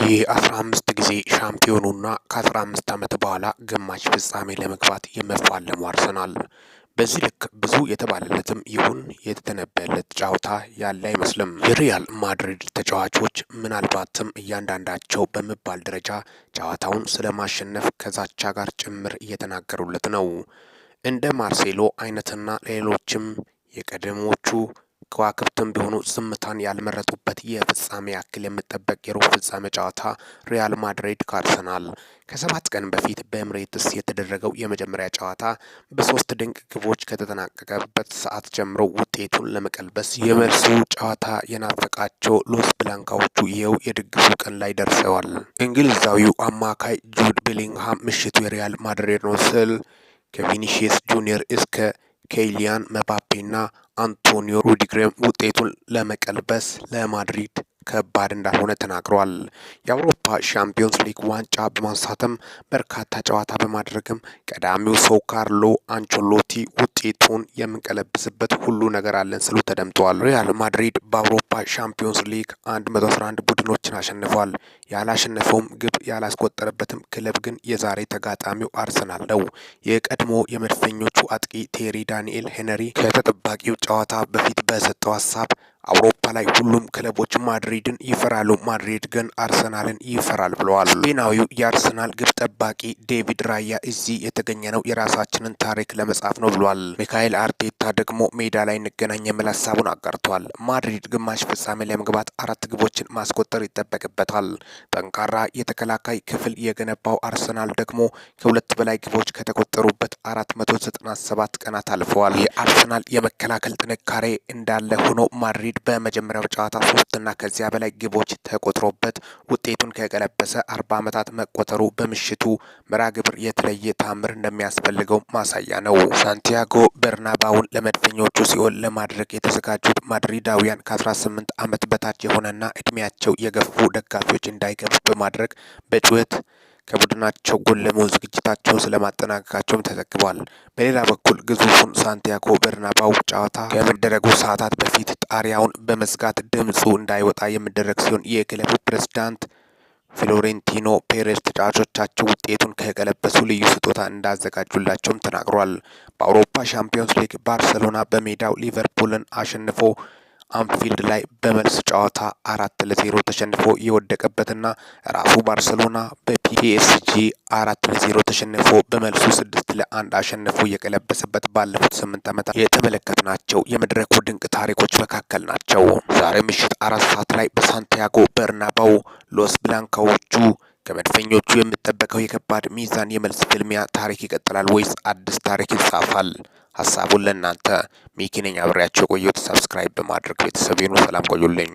የ15 ጊዜ ሻምፒዮኑና ከ15 ዓመት በኋላ ግማሽ ፍጻሜ ለመግባት የመፋለሙ አርሰናል በዚህ ልክ ብዙ የተባለለትም ይሁን የተተነበየለት ጨዋታ ያለ አይመስልም። የሪያል ማድሪድ ተጫዋቾች ምናልባትም እያንዳንዳቸው በመባል ደረጃ ጨዋታውን ስለማሸነፍ ከዛቻ ጋር ጭምር እየተናገሩለት ነው። እንደ ማርሴሎ አይነትና ሌሎችም የቀደሞቹ ከዋክብትም ቢሆኑ ዝምታን ያልመረጡበት የፍጻሜ ያክል የሚጠበቅ የሩብ ፍጻሜ ጨዋታ ሪያል ማድሪድ ካርሰናል ከሰባት ቀን በፊት በኤምሬትስ የተደረገው የመጀመሪያ ጨዋታ በሶስት ድንቅ ግቦች ከተጠናቀቀበት ሰዓት ጀምሮ ውጤቱን ለመቀልበስ የመልሱ ጨዋታ የናፈቃቸው ሎስ ብላንካዎቹ ይኸው የድግሱ ቀን ላይ ደርሰዋል። እንግሊዛዊው አማካይ ጁድ ቤሊንግሃም ምሽቱ የሪያል ማድሪድ ነው ስል ከቪኒሺየስ ጁኒየር እስከ ኬይሊያን መባፔና አንቶኒዮ ሩዲግሬም ውጤቱን ለመቀልበስ ለማድሪድ ከባድ እንዳልሆነ ተናግረዋል። የአውሮፓ ሻምፒዮንስ ሊግ ዋንጫ በማንሳትም በርካታ ጨዋታ በማድረግም ቀዳሚው ሰው ካርሎ አንቾሎቲ ውጤቱን የምንቀለብስበት ሁሉ ነገር አለን ስሉ ተደምጠዋል። ሪያል ማድሪድ በአውሮፓ ሻምፒዮንስ ሊግ 111 ቡድኖችን አሸንፏል። ያላሸነፈውም ግብ ያላስቆጠረበትም ክለብ ግን የዛሬ ተጋጣሚው አርሰናል ነው። የቀድሞ የመድፈኞቹ አጥቂ ቴሪ ዳንኤል ሄነሪ ከተጠባቂው ጨዋታ በፊት በሰጠው ሀሳብ አውሮፓ ላይ ሁሉም ክለቦች ማድሪድን ይፈራሉ፣ ማድሪድ ግን አርሰናልን ይፈራል ብለዋል። ስፔናዊው የአርሰናል ግብ ጠባቂ ዴቪድ ራያ እዚህ የተገኘ ነው የራሳችንን ታሪክ ለመጻፍ ነው ብሏል። ሚካኤል አርቴታ ደግሞ ሜዳ ላይ እንገናኝ የሚል ሀሳቡን አጋርቷል። ማድሪድ ግማሽ ፍጻሜ ለመግባት አራት ግቦችን ማስቆጠር ይጠበቅበታል። ጠንካራ የተከላካይ ክፍል የገነባው አርሰናል ደግሞ ከሁለት በላይ ግቦች ከተቆጠሩበት ሰባት ቀናት አልፈዋል። የአርሰናል የመከላከል ጥንካሬ እንዳለ ሆኖ ማድሪድ ማድሪድ በመጀመሪያው ጨዋታ ሶስትና ከዚያ በላይ ግቦች ተቆጥሮበት ውጤቱን ከቀለበሰ አርባ ዓመታት መቆጠሩ በምሽቱ መርሃ ግብር የተለየ ታምር እንደሚያስፈልገው ማሳያ ነው። ሳንቲያጎ በርናባውን ለመድፈኞቹ ሲኦል ለማድረግ የተዘጋጁት ማድሪዳውያን ከ18 ዓመት በታች የሆነና እድሜያቸው የገፉ ደጋፊዎች እንዳይገቡ በማድረግ በጩኸት ከቡድናቸው ጎን ለመሆን ዝግጅታቸውን ስለማጠናቀቃቸውም ተዘግቧል። በሌላ በኩል ግዙፉን ሳንቲያጎ በርናባው ጨዋታ ከመደረጉ ሰዓታት በፊት ጣሪያውን በመዝጋት ድምፁ እንዳይወጣ የሚደረግ ሲሆን የክለቡ ፕሬዝዳንት ፍሎሬንቲኖ ፔሬዝ ተጫዋቾቻቸው ውጤቱን ከቀለበሱ ልዩ ስጦታ እንዳዘጋጁላቸውም ተናግሯል። በአውሮፓ ሻምፒዮንስ ሊግ ባርሰሎና በሜዳው ሊቨርፑልን አሸንፎ አንፊልድ ላይ በመልስ ጨዋታ አራት ለዜሮ ተሸንፎ የወደቀበትና ራሱ ባርሰሎና በፒኤስጂ አራት ለዜሮ ተሸንፎ በመልሱ ስድስት ለአንድ አሸንፎ የቀለበሰበት ባለፉት ስምንት ዓመታት የተመለከትናቸው የመድረኩ ድንቅ ታሪኮች መካከል ናቸው። ዛሬ ምሽት አራት ሰዓት ላይ በሳንቲያጎ በርናባው ሎስ ብላንካዎቹ ከመድፈኞቹ የሚጠበቀው የከባድ ሚዛን የመልስ ፍልሚያ ታሪክ ይቀጥላል ወይስ አዲስ ታሪክ ይጻፋል? ሀሳቡን ለእናንተ ሚኪ ነኝ። አብሬያቸው የቆየሁት ሰብስክራይብ በማድረግ ቤተሰብ ይሁኑ። ሰላም ቆዩልኝ።